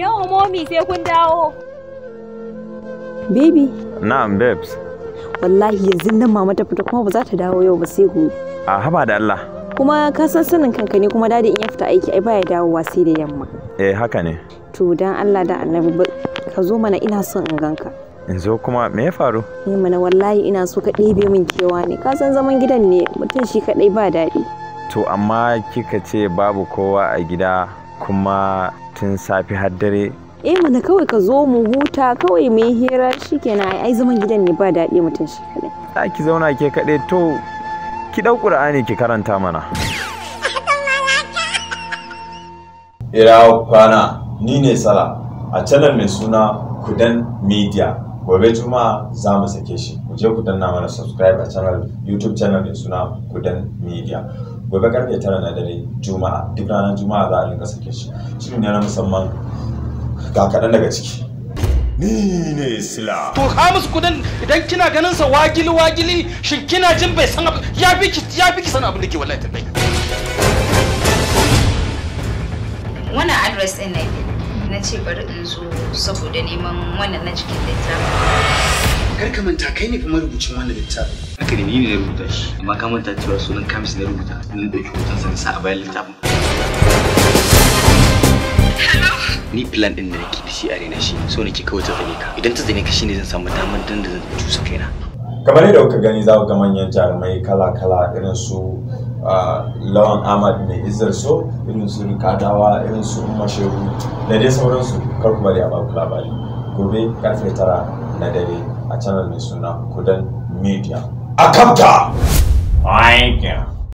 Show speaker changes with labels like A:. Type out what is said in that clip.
A: Yau momi sai kun dawo. Baby.
B: Na'am babes.
A: Wallahi yanzu nan mama ta fita kuma ba za ta dawo yau ba sai gobe.
B: A haba da Allah.
A: Kuma ka san sanin kanka ne kuma dadi in ya fita aiki ai baya dawowa sai da yamma. Eh haka ne. To dan Allah da Annabi ka zo mana ina son in ganka.
B: in zo kuma me ya faru
A: ni eh, mana wallahi ina so ka ɗebe min kewa ne ka san zaman gidan ne mutum shi kaɗai ba daɗi
B: to amma kika ce babu kowa a gida kuma lokacin safe har dare
A: eh mana kawai ka zo mu huta kawai mu yi hira kenan. ai zaman gidan ne ba daɗi mutum shi kaɗai
B: ki zauna ke kaɗai to ki ɗau ƙur'ani ki karanta mana Ira kwana ni ne sala a canna mai suna kudan media gobe juma'a za mu sake shi ku je ku danna mana subscribe a channel youtube channel mai suna kudan media gobe karfe tara na dare juma'a duk ranar juma'a za a rinka sake shi shirin ne na musamman ga kaɗan daga ciki ni ne sila to
A: ka musu kudin idan kina ganin sa wagili wagili shin kina jin bai san ya bi ki ya bi ki san abin da ke wallahi tabbai wannan address din ne na ce bari in zo saboda neman wannan na cikin littafin kar
B: ka manta kai ne fa
A: marubucin wannan littafin haka ne ni ne na rubuta shi amma ka manta cewa sunan kamis na rubuta nan dauki hoton sa sa a bayan littafin ni plan din da nake da shi a raina shi so nake kawai ta zane ka idan ta zane ka shine zan samu damar dan da zan tusa kaina
B: kamar yadda kuka gani za ku ga manyan jarumai kala-kala irin su lawan ahmad mai izar so irin su rikadawa irin su mashehu da dai sauransu kar ku bari a baku labari gobe karfe tara na dare a channel mai suna kudan media a kamta! Thank you.